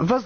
Въз